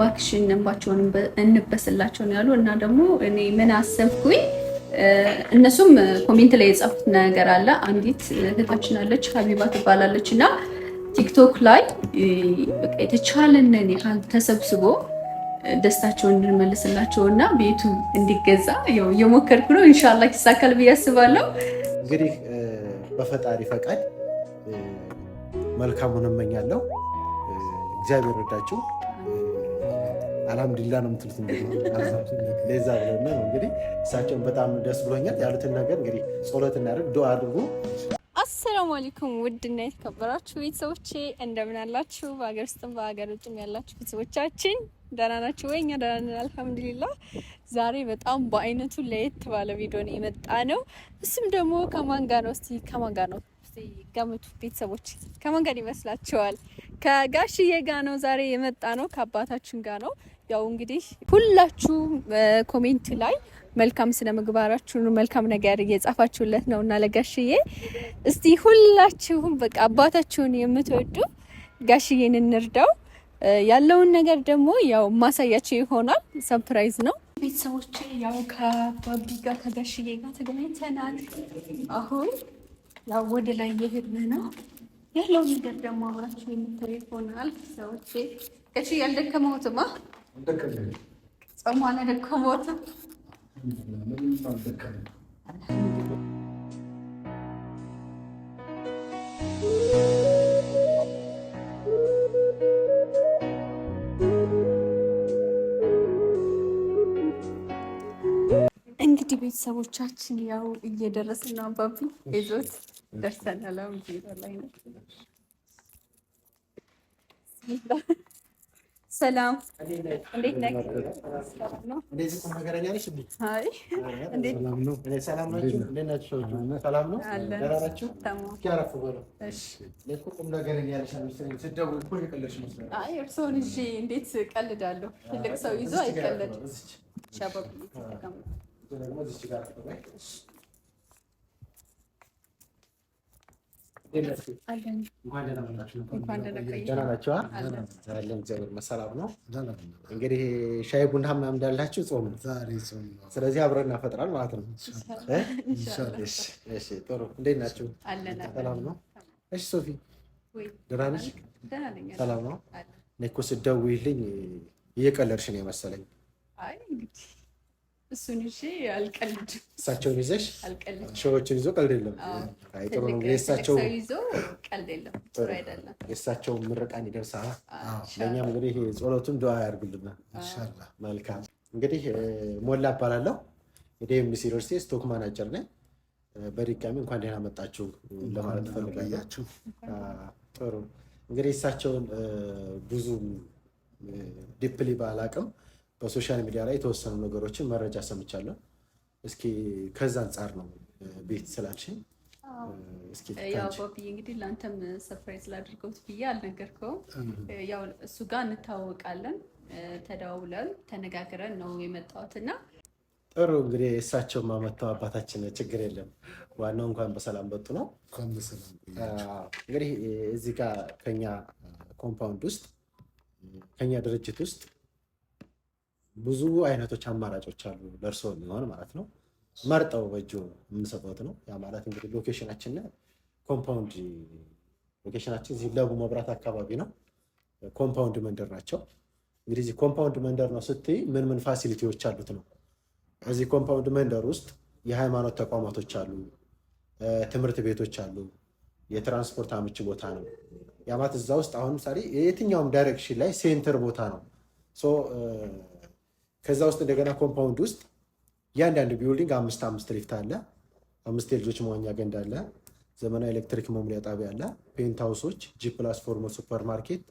ባክሽ እንባቸውን እንበስላቸው ነው ያሉ እና ደግሞ እኔ ምን አሰብኩኝ እነሱም ኮሜንት ላይ የጻፉት ነገር አለ። አንዲት እህታችን አለች ሀቢባ ትባላለች እና ቲክቶክ ላይ በቃ የተቻለንን ያህል ተሰብስቦ ደስታቸውን እንድንመልስላቸው እና ቤቱ እንዲገዛ እየሞከርኩ ነው። እንሻላ ይሳካል ብዬ አስባለሁ። እንግዲህ በፈጣሪ ፈቃድ መልካሙን እመኛለሁ። እግዚአብሔር ረዳችሁ። አልሐምዱሊላ ነው የምትሉት። ለዛ ብለና ነው እንግዲህ እሳቸውን በጣም ደስ ብሎኛል ያሉትን ነገር እንግዲህ ጸሎት እናደርግ ዱአ አድርጉ። አሰላሙ አለይኩም ውድና የተከበራችሁ ቤተሰቦቼ እንደምን አላችሁ? በሀገር ውስጥም በሀገር ውጭም ያላችሁ ቤተሰቦቻችን ደህና ናችሁ ወይ? እኛ ደህና ነን አልሐምዱሊላህ። ዛሬ በጣም በአይነቱ ለየት ባለ ቪዲዮ ነው የመጣ ነው። እሱም ደግሞ ከማን ጋር ነው? እስቲ ከማን ጋር ነው ገምቱ ቤተሰቦች። ከማን ጋር ይመስላችኋል? ከጋሽዬ ጋ ነው ዛሬ የመጣ ነው፣ ከአባታችን ጋር ነው። ያው እንግዲህ ሁላችሁ ኮሜንት ላይ መልካም ስነ ምግባራችሁን መልካም ነገር እየጻፋችሁለት ነው እና ለጋሽዬ እስቲ ሁላችሁም በቃ አባታችሁን የምትወዱ ጋሽዬን እንርዳው። ያለውን ነገር ደግሞ ያው ማሳያቸው ይሆናል። ሰፕራይዝ ነው ቤተሰቦች። ያው ከባቢ ጋር ከጋሽዬ ጋር ተገናኝተናል አሁን ያው ወደ ላይ እየሄድን ነው ያለው ነገር ደግሞ አብራችሁ የምታዩ ይሆናል። ሰዎች እሺ፣ ያልደከመውትማ ጾሙ አልደከመውትም። እንግዲህ ቤተሰቦቻችን ያው እየደረስን ነው። አባቢ ይዞት Dört sene alalım diyor Allah inatçılar. Bismillah. ሰላም እንዴት ነህ? እንደዚህ ቁም ነገረኛ ነሽ እንዴ? አይ እንዴት ነው? ሰላም ናችሁ? እንዴት ናችሁ? ሰዎች ሰላም ነው? ደህና ናችሁ? እስኪ አረፍ በሉ። እሺ ለእሱ ቁም ነገረኛ ነሽ መሰለኝ። ስትደውል እኮ እየቀለድሽ መስሎኝ። አይ እርስዎን ይዤ እንዴት ቀልዳለሁ? ትልቅ ሰው ይዞ አይቀለድም። ሻባብ ደግሞ እዚች ጋር መሰላም ነው እንግዲህ ሻይ ቡና ምናምን እንዳላችሁ ጾም ነው። ስለዚህ አብረን እናፈጥራል ማለት ነው። ጥሩ እንዴት ናችሁ? ሰላም ነው። እሺ ሶፊ ደህና ነሽ? ሰላም ነው። እኔ እኮ እየቀለድሽ ነው የመሰለኝ። እሱን ይዤ አልቀልድም። እሳቸውን ይዘሽ ይዞ ቀልድ የለም። ጥሩ ነው። የእሳቸው ይዞ ቀልድ የለም። ጥሩ አይደለም። የእሳቸው ምርቃን ይደርሳ። ለእኛም እንግዲህ ጸሎቱን ዱዓ ያድርግልና መልካም። እንግዲህ ሞላ እባላለሁ የዲኤምሲ ዩኒቨርሲቲ ስቶክ ማናጀር ነኝ። በድጋሚ እንኳን ደህና መጣችሁ ለማለት ፈልጋያችሁ። ጥሩ እንግዲህ እሳቸውን ብዙ ዲፕሊ ባላቅም በሶሻል ሚዲያ ላይ የተወሰኑ ነገሮችን መረጃ ሰምቻለሁ። እስኪ ከዛ አንጻር ነው ቤት ስላልሽኝ ያው ቦብዬ እንግዲህ ለአንተም ሰርፕራይዝ ላድርገውት ብዬ አልነገርከውም። ያው እሱ ጋር እንታወቃለን፣ ተደዋውለን ተነጋግረን ነው የመጣሁት እና ጥሩ እንግዲህ እሳቸው ማመተው አባታችን ችግር የለም ዋናው እንኳን በሰላም መጡ ነው። እንግዲህ እዚህ ጋር ከኛ ኮምፓውንድ ውስጥ ከኛ ድርጅት ውስጥ ብዙ አይነቶች አማራጮች አሉ ለእርሶ የሚሆን ማለት ነው። መርጠው በእጁ የምንሰጠት ነው። ያ ማለት እንግዲህ ሎኬሽናችን ኮምፓውንድ ሎኬሽናችን እዚህ ለቡ መብራት አካባቢ ነው። ኮምፓውንድ መንደር ናቸው። እንግዲህ እዚህ ኮምፓውንድ መንደር ነው ስትይ ምን ምን ፋሲሊቲዎች አሉት ነው። እዚህ ኮምፓውንድ መንደር ውስጥ የሃይማኖት ተቋማቶች አሉ፣ ትምህርት ቤቶች አሉ፣ የትራንስፖርት አመቺ ቦታ ነው። ያማት እዛ ውስጥ አሁን ምሳሌ የትኛውም ዳይሬክሽን ላይ ሴንተር ቦታ ነው። ከዛ ውስጥ እንደገና ኮምፓውንድ ውስጥ እያንዳንዱ ቢውልዲንግ አምስት አምስት ሊፍት አለ፣ አምስት የልጆች መዋኛ ገንዳ አለ፣ ዘመናዊ ኤሌክትሪክ መሙሊያ ጣቢያ አለ፣ ፔንት ጂ ፕላስ ፎርሞ ሱፐር ማርኬት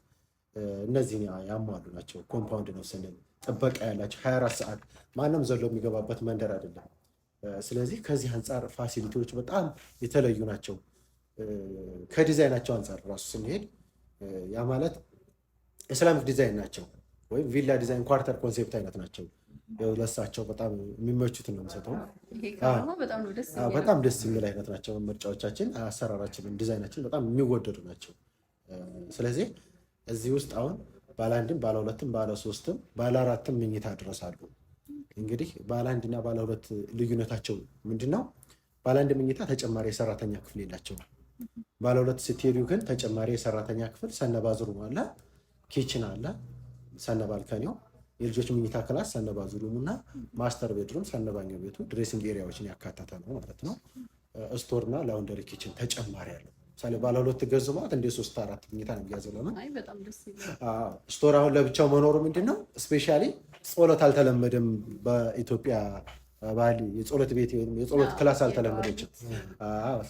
እነዚህን ያሟሉ ናቸው። ኮምፓውንድ ነው ስንል ጥበቃ ያላቸው 24 ሰዓት ማንም ዘሎ የሚገባበት መንደር አይደለም። ስለዚህ ከዚህ አንጻር ፋሲሊቲዎች በጣም የተለዩ ናቸው። ከዲዛይናቸው አንጻር ራሱ ስንሄድ ያ ማለት እስላሚክ ዲዛይን ናቸው። ወይም ቪላ ዲዛይን ኳርተር ኮንሴፕት አይነት ናቸው። ለሳቸው በጣም የሚመቹት ነው የምሰጠው። በጣም ደስ የሚል አይነት ናቸው ምርጫዎቻችን፣ አሰራራችንን፣ ዲዛይናችን በጣም የሚወደዱ ናቸው። ስለዚህ እዚህ ውስጥ አሁን ባለ አንድም ባለ ሁለትም ባለ ሶስትም ባለ አራትም መኝታ እንግዲህ ባለ አንድና ባለ ሁለት ልዩነታቸው ምንድን ነው? ባለ አንድ መኝታ ተጨማሪ የሰራተኛ ክፍል የላቸውም። ባለ ሁለት ስትሄዱ ግን ተጨማሪ የሰራተኛ ክፍል ሰነባዝሩ አለ፣ ኪችን አለ ሰነባልከኒው የልጆች ምኝታ ክላስ ሰነባ ዙሩም እና ማስተር ቤድሩም ሰነባኛው ቤቱ ድሬሲንግ ኤሪያዎችን ያካተተ ነው ማለት ነው። ስቶር ስቶርና ላውንደሪ ኪችን ተጨማሪ ያለው ምሳሌ ባለ ሁለት ገዙ ማለት እንደ ሶስት አራት ምኝታ ነው የሚያዘው። ለምን ስቶር አሁን ለብቻው መኖሩ ምንድን ነው ስፔሻሊ ጸሎት አልተለመደም በኢትዮጵያ ባህል የጸሎት ቤት ወይም የጸሎት ክላስ አልተለመደችም።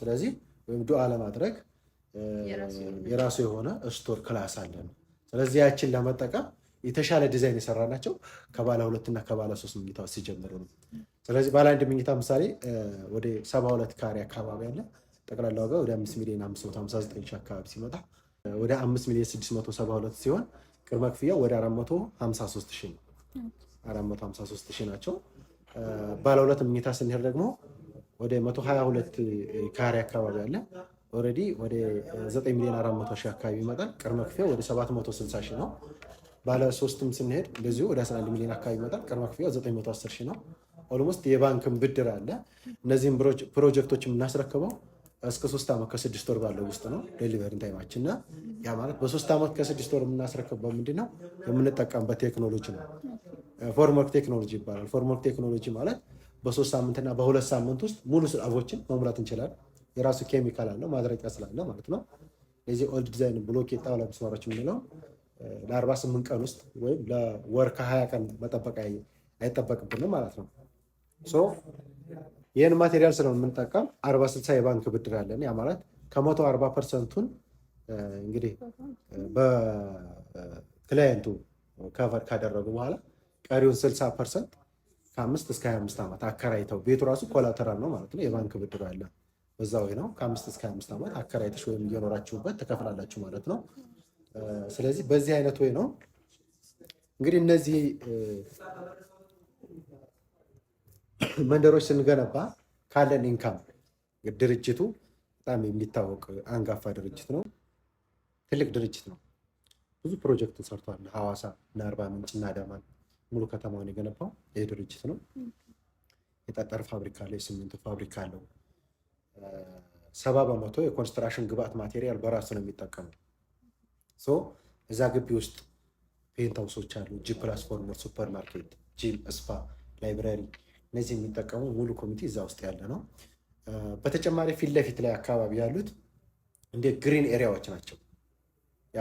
ስለዚህ ወይም ዱዓ ለማድረግ የራሱ የሆነ ስቶር ክላስ አለ ነው። ስለዚህ ያችን ለመጠቀም የተሻለ ዲዛይን የሰራናቸው ከባለ ሁለትና ከባለ ሶስት መኝታ ሲጀምር ነው። ስለዚህ ባለ አንድ መኝታ ምሳሌ ወደ ሰባ ሁለት ካሬ አካባቢ አለ ጠቅላላ ዋጋ ወደ አምስት ሚሊዮን አምስት መቶ ሀምሳ ዘጠኝ ሺህ አካባቢ ሲመጣ ወደ አምስት ሚሊዮን ስድስት መቶ ሰባ ሁለት ሲሆን ቅድመ ክፍያው ወደ አራት መቶ ሀምሳ ሶስት ሺህ ነው። አራት መቶ ሀምሳ ሶስት ሺህ ናቸው። ባለ ሁለት መኝታ ስንሄድ ደግሞ ወደ መቶ ሀያ ሁለት ካሬ አካባቢ አለ ኦልሬዲ ወደ ዘጠኝ ሚሊዮን አራት መቶ ሺህ አካባቢ ይመጣል። ቅድመ ክፍያው ወደ ሰባት መቶ ስልሳ ሺህ ነው። ባለ ሶስትም ስንሄድ እንደዚሁ ወደ 11 ሚሊዮን አካባቢ ይመጣል። ቅድመ ክፍያው 910 ሺህ ነው። ኦልሞስት የባንክን ብድር አለ። እነዚህም ፕሮጀክቶች የምናስረክበው እስከ ሶስት ዓመት ከስድስት ወር ባለው ውስጥ ነው ዴሊቨሪ ታይማችን እና ያ ማለት በሶስት ዓመት ከስድስት ወር የምናስረክበው ምንድን ነው የምንጠቀምበት ቴክኖሎጂ ነው። ፎርምወርክ ቴክኖሎጂ ይባላል። ፎርምወርክ ቴክኖሎጂ ማለት በሶስት ሳምንትና በሁለት ሳምንት ውስጥ ሙሉ ስላቦችን መሙላት እንችላለን። የራሱ ኬሚካል አለው ማድረቂያ ስላለ ማለት ነው። የዚህ ኦልድ ዲዛይን ብሎኬት ጣውላ ምስማሮች የምንለው ለአርባ ስምንት ቀን ውስጥ ወይም ለወር ከሀያ ቀን መጠበቅ አይጠበቅብንም ማለት ነው። ይህን ማቴሪያል ስለምንጠቀም አርባ ስልሳ የባንክ ብድር አለን። ያ ማለት ከመቶ አርባ ፐርሰንቱን እንግዲህ በክላየንቱ ከቨር ካደረጉ በኋላ ቀሪውን ስልሳ ፐርሰንት ከአምስት እስከ አምስት ዓመት አከራይተው ቤቱ ራሱ ኮላተራል ነው ማለት ነው። የባንክ ብድር አለ በዛ ወይ ነው። ከአምስት እስከ አምስት ዓመት አከራይተሽ ወይም እየኖራችሁበት ትከፍላላችሁ ማለት ነው። ስለዚህ በዚህ አይነት ወይ ነው እንግዲህ እነዚህ መንደሮች ስንገነባ ካለን ኢንካም ድርጅቱ በጣም የሚታወቅ አንጋፋ ድርጅት ነው። ትልቅ ድርጅት ነው። ብዙ ፕሮጀክት ሰርቷል። ሐዋሳ እና አርባ ምንጭ እና አዳማን ሙሉ ከተማውን የገነባው ይህ ድርጅት ነው። የጠጠር ፋብሪካ አለው። የሲሚንቶ ፋብሪካ አለው። ሰባ በመቶ የኮንስትራክሽን ግብአት ማቴሪያል በራሱ ነው የሚጠቀመው። ሶ እዛ ግቢ ውስጥ ፔንት ሃውሶች አሉ፣ ጂ ፕላትፎርም፣ ሱፐር ማርኬት፣ ጂም፣ ስፓ፣ ላይብራሪ እነዚህ የሚጠቀሙ ሙሉ ኮሚቴ እዛ ውስጥ ያለ ነው። በተጨማሪ ፊት ለፊት ላይ አካባቢ ያሉት እንደ ግሪን ኤሪያዎች ናቸው። ያ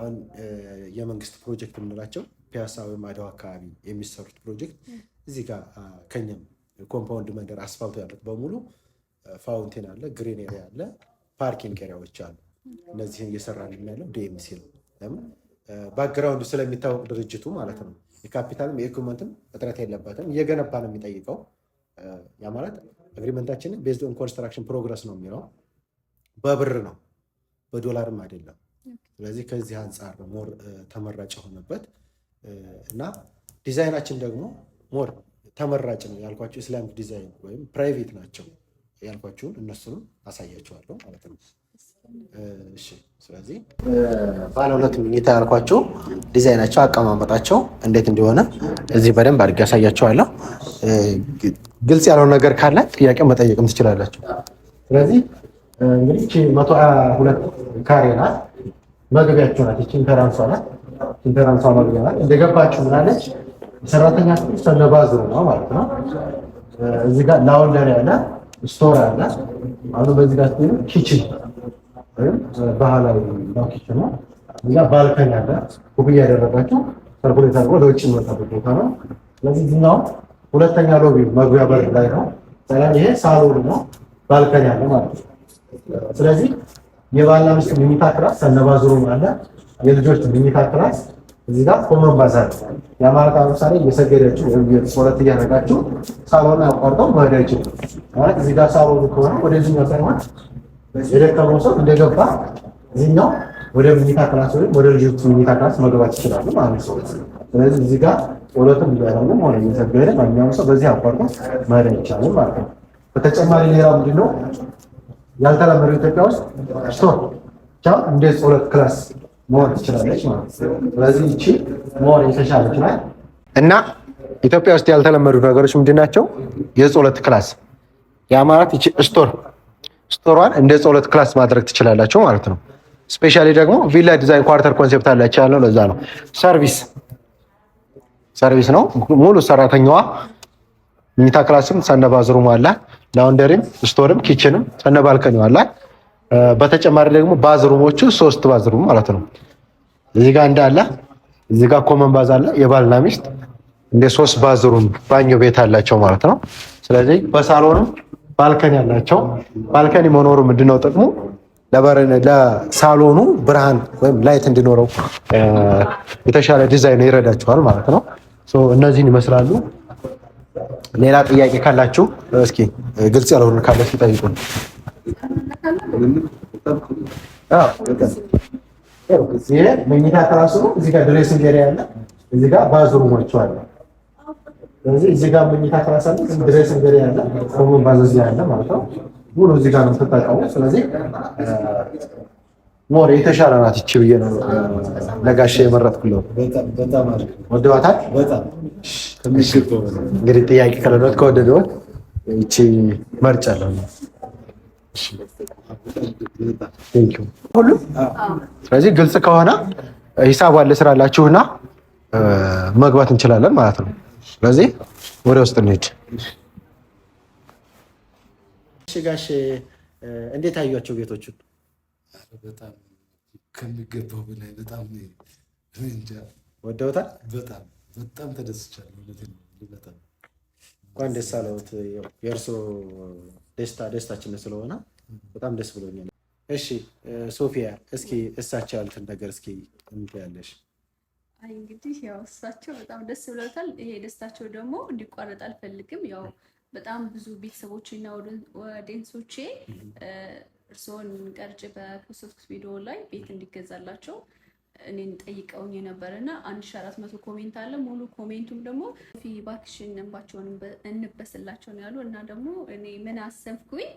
አሁን የመንግስት ፕሮጀክት የምንላቸው ፒያሳ ወይም አድዋ አካባቢ የሚሰሩት ፕሮጀክት እዚህ ጋር ከኛም ኮምፓውንድ መንደር አስፋልቶ ያሉት በሙሉ ፋውንቴን አለ፣ ግሪን ኤሪያ አለ፣ ፓርኪንግ ኤሪያዎች አሉ። እነዚህን እየሰራን ያለው ዲኤምሲ ነው። ለምን ባክግራውንዱ ስለሚታወቅ ድርጅቱ ማለት ነው። የካፒታልም የኢኩመንትም እጥረት የለበትም። እየገነባ ነው የሚጠይቀው። ያ ማለት አግሪመንታችንን ቤዝድ ኦን ኮንስትራክሽን ፕሮግረስ ነው የሚለው በብር ነው በዶላርም አይደለም። ስለዚህ ከዚህ አንጻር ሞር ተመራጭ የሆነበት እና ዲዛይናችን ደግሞ ሞር ተመራጭ ነው ያልኳቸው ኢስላሚክ ዲዛይን ወይም ፕራይቬት ናቸው ያልኳቸውን እነሱንም አሳያቸዋለሁ ማለት ነው። ስለዚህ ባለ ሁለት መኝታ ያልኳቸው ዲዛይናቸው አቀማመጣቸው እንዴት እንደሆነ እዚህ በደንብ አድርጌ ያሳያቸዋለሁ። ግልጽ ያለው ነገር ካለ ጥያቄ መጠየቅም ትችላላችሁ። ስለዚህ እንግዲህ መቶ ሁለት ካሬ ናት። መግቢያቸው ናት። ይቺ ኢንተራንሷ ናት። ኢንተራንሷ መግቢያ ናት። እንደገባችሁ ምናለች ሰራተኛ ክፍል ሰለባዝ ነው ማለት ነው። እዚህ ጋር ላውንደሪ ያለ ስቶር አለ። አሁን በዚህ ጋር ኪችን ባህላዊ ባኪች ነው። እዛ ባልከን ያለ ኩብያ ያደረጋቸው ተርኩሌት አድርጎ ለውጭ የሚወጣበት ቦታ ነው። ስለዚህ ዝናው ሁለተኛ ሎቢ መግቢያ በር ላይ ነው። ይሄ ሳሎን ነው፣ ባልከን ያለ ማለት ነው። ስለዚህ የባልና ሚስት መኝታ ክላስ ሰነባዝሩም አለ። የልጆች መኝታ ክላስ እዚህ ጋር ኮመን ባዛር ያ ማለት እየሰገዳችሁ ወይም ጸሎት እያደረጋችሁ ሳሎን አቋርጠው መሄድ አይችሉም ማለት እዚህ ጋር ሳሎን ከሆነ ወደዚህኛው ሳይሆን የደከመው ሰው እንደገባ እዚህኛው ወደ ምኝታ ክላስ ወይም ወደ ልጆቹ ምኝታ ክላስ መግባት ይችላሉ ማለት ነው። ስለዚህ እዚህ ጋር ጸሎትም እያደረጉ ሆነ እየሰገደ ማንኛውም ሰው በዚህ አፓርትመንት ማደር ይቻላል ማለት ነው። በተጨማሪ ሌላ ምንድን ነው ያልተለመደው ኢትዮጵያ ውስጥ ስቶር ቻ እንደ ጸሎት ክላስ መሆን ትችላለች ማለት ነው። ስለዚህ እቺ መሆን የተሻለች ይችላል እና ኢትዮጵያ ውስጥ ያልተለመዱ ነገሮች ምንድን ናቸው? የጸሎት ክላስ ያ ማለት ስቶር ስቶሯን እንደ ጸሎት ክላስ ማድረግ ትችላላቸው ማለት ነው። ስፔሻሊ ደግሞ ቪላ ዲዛይን ኳርተር ኮንሴፕት አላቸው ያለው ለዛ ነው። ሰርቪስ ሰርቪስ ነው ሙሉ ሰራተኛዋ ሚታ ክላስም ሰነ ባዝሩም ላውንደሪም ስቶርም ኪችንም ሰነ አላት በተጨማሪ ደግሞ ባዝሩሞቹ ሶስት ባዝሩም ማለት ነው። እዚህ ጋር እንዳለ እዚህ ጋር ኮመን ባዝ አለ የባልና ሚስት እንደ ሶስት ባዝሩም ባኞ ቤት አላቸው ማለት ነው። ስለዚህ በሳሎንም ባልከን ያላቸው ባልከን መኖሩ ምንድነው ጥቅሙ? ለሳሎኑ ብርሃን ወይም ላይት እንዲኖረው የተሻለ ዲዛይን ይረዳችኋል ማለት ነው። እነዚህን ይመስላሉ። ሌላ ጥያቄ ካላችሁ እስኪ ግልጽ ያልሆነ ካለ ሲጠይቁን። መኝታ ከራሱ እዚጋ እዚህ ጋር ያለ እዚጋ ጋር ስለዚህ እዚህ ጋር መኝታ ትራሳለች፣ ድሬሲንግ ኤሪያ ያለ ሁሉም ባዘዝ ያለ ማለት ነው። ሙሉ እዚህ ጋር ነው የምትጠቀሙ። ስለዚህ ሞር የተሻለ ናት እቺ ብዬ ነው ለጋሽ የመረጥኩለው። ወደዋታል እንግዲህ ጥያቄ ከለዶት ከወደደወት እቺ መርጫለሁ። ሁሉም ስለዚህ ግልጽ ከሆነ ሂሳብ አለ ስራላችሁና መግባት እንችላለን ማለት ነው። ስለዚህ ወደ ውስጥ እንሂድ። ጋሽ እንዴት አያቸው ቤቶቹን? በጣም ከሚገባው በላይ በጣም እንጃ ወደውታል። በጣም በጣም ተደስቻለሁ። እንኳን ደስ አለዎት። የእርሶ ደስታ ደስታችን ስለሆነ በጣም ደስ ብሎኛል። እሺ ሶፊያ፣ እስኪ እሳቸው ያሉትን ነገር እስኪ እንትን ያለሽ አይ እንግዲህ ያው እሳቸው በጣም ደስ ብለውታል። ይሄ ደስታቸው ደግሞ እንዲቋረጥ አልፈልግም። ያው በጣም ብዙ ቤተሰቦችና ወደንሶቼ እርስዎን ቀርጭ በፖስት ቪዲዮ ላይ ቤት እንዲገዛላቸው እኔን ጠይቀውኝ የነበረ እና አንድ ሺ አራት መቶ ኮሜንት አለ። ሙሉ ኮሜንቱም ደግሞ ፊ ባክሽን እንባቸውን እንበስላቸው ነው ያሉ እና ደግሞ እኔ ምን አሰብኩኝ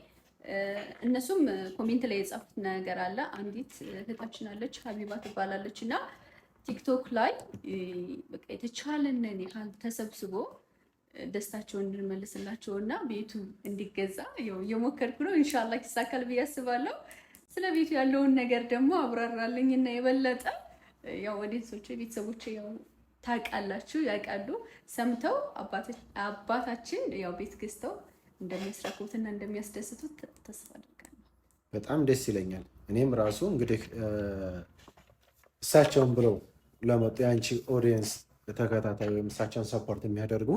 እነሱም ኮሜንት ላይ የጻፉት ነገር አለ። አንዲት እህታችን አለች ሀቢባ ትባላለች እና ቲክቶክ ላይ በቃ የተቻለንን ያህል ተሰብስቦ ደስታቸውን እንድንመልስላቸው እና ቤቱ እንዲገዛ እየሞከርኩ ነው። እንሻላ ይሳካል ብዬ አስባለሁ። ስለ ቤቱ ያለውን ነገር ደግሞ አብራራልኝ እና የበለጠ ያው ወደሶች ቤተሰቦች ያው ታውቃላችሁ ያውቃሉ። ሰምተው አባታችን ያው ቤት ገዝተው እና እንደሚያስደስቱት ተስፋ አድርጋለሁ። በጣም ደስ ይለኛል። እኔም ራሱ እንግዲህ እሳቸውን ብለው ለመጡ የአንቺ ኦዲየንስ ተከታታይ ወይም እሳቸውን ሰፖርት የሚያደርጉ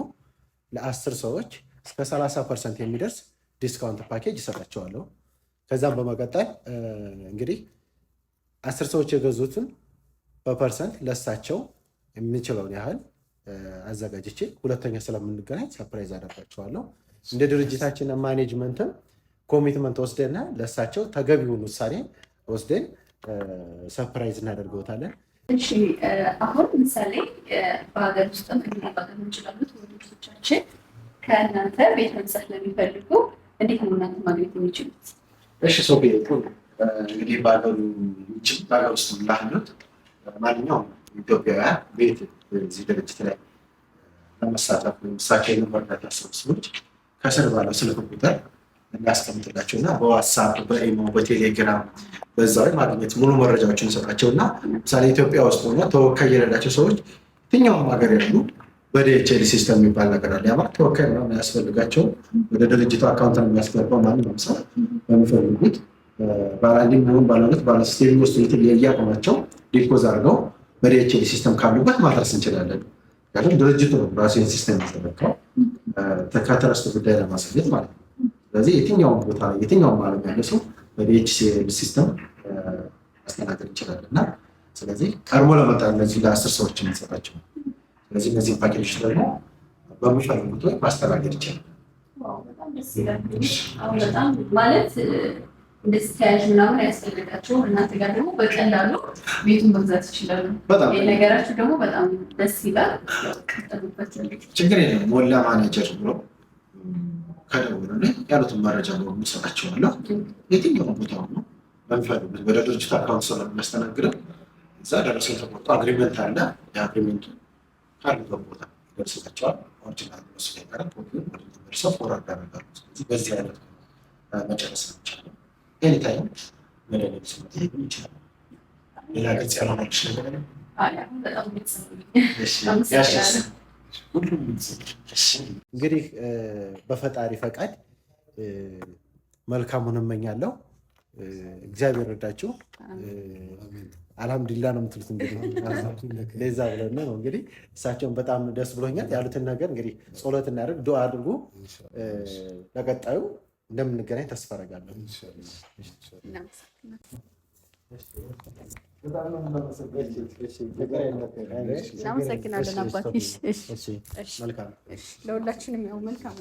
ለአስር ሰዎች እስከ 30 ፐርሰንት የሚደርስ ዲስካውንት ፓኬጅ ይሰጣቸዋለሁ። ከዛም በመቀጠል እንግዲህ አስር ሰዎች የገዙትን በፐርሰንት ለእሳቸው የምንችለውን ያህል አዘጋጅቼ ሁለተኛ ስለምንገናኝ ሰፕራይዝ አደርጋቸዋለሁ። እንደ ድርጅታችን ማኔጅመንትም ኮሚትመንት ወስደና ለእሳቸው ተገቢውን ውሳኔ ወስደን ሰፕራይዝ እናደርገውታለን። እሺ አሁን ምሳሌ በሀገር ውስጥ እንግዲህ ማቅረብ እንችላለን። ወደቶቻችን ከእናንተ ቤት መግዛት ለሚፈልጉ እንዴት ነው እናንተ ማግኘት የሚችሉት? እሺ ሰው ቤቱ እንግዲህ በሀገሩ ውጭ በሀገር ውስጥ ላሉት ማንኛውም ኢትዮጵያውያን ቤት በዚህ ድርጅት ላይ ለመሳተፍ ወይም እሳቸው የመርዳት ያሰቡ ሰዎች ከስር ባለው ስልክ ቁጥር እናስቀምጥላቸው እና በዋትሳፕ በኢሞ በቴሌግራም በዛ ላይ ማግኘት ሙሉ መረጃዎችን እንሰጣቸው እና ምሳሌ ኢትዮጵያ ውስጥ ሆነ ተወካይ የሌላቸው ሰዎች የትኛውም ሀገር ያሉ በዲኤችኤል ሲስተም የሚባል ነገር አለ። ያማ ተወካይ ነው የሚያስፈልጋቸው ወደ ድርጅቱ አካውንት የሚያስገባው። ማንኛውም ሰው በሚፈልጉት ባለአንድም ሆን ባለሁለት ባለስቴሪንግ ውስጥ ምትል የያቆማቸው ዲፖዝ አድርገው በዲኤችኤል ሲስተም ካሉበት ማድረስ እንችላለን። ምክንያቱም ድርጅቱ ነው ራሱ ሲስተም ያስጠበቀው ከትረስት ጉዳይ ለማሳየት ማለት ነው። ስለዚህ የትኛውም ቦታ ላይ የትኛውም ዓለም ያለ ሰው በዲኤችሲኤል ሲስተም ማስተናገድ ይችላል እና ስለዚህ ቀድሞ ለመጣ እነዚህ ለአስር ሰዎች የምንሰጣቸው ስለዚህ እነዚህ ፓኬጆች ደግሞ በሚፈልጉት ወይ ማስተናገድ ይችላል። ይላል። ማለት ቤቱን በጣም ደስ ችግር የለም ሞላ ማኔጀር ብሎ ከደውሉ ያሉትን መረጃ ነው የሚሰጣቸዋለሁ። የትኛውን ቦታ ነው በሚፈልጉት ወደ ድርጅቱ አካውንት ስለሚያስተናግደው እዛ ደረሰኝ ተቆርጦ አግሪመንት አለ። የአግሪመንቱ ካሉበት ቦታ ይደርስላቸዋል። ኦሪጂናል ስለቀረ ደርሰው ፎርዋርድ ያደርጋሉ። ስለዚህ በዚህ አይነት መጨረስ ይቻላል። ኤኒታይም መደለብ ስመጠየቅ ይችላል። ሌላ ገጽ ያልሆነች ነገር ነው ያሻስ እንግዲህ በፈጣሪ ፈቃድ መልካሙን እመኛለሁ። እግዚአብሔር ረዳችሁ። አልሐምዱሊላ ነው የምትሉት። እንግዲህ ለዛ ብለን ነው እንግዲህ እሳቸውን በጣም ደስ ብሎኛል ያሉትን ነገር እንግዲህ ጸሎት እናደርግ፣ ዱዓ አድርጉ። ለቀጣዩ እንደምንገናኝ ተስፋ አደርጋለሁ። እናመሰግናለን አባቴ። ለሁላችንም ያው መልካም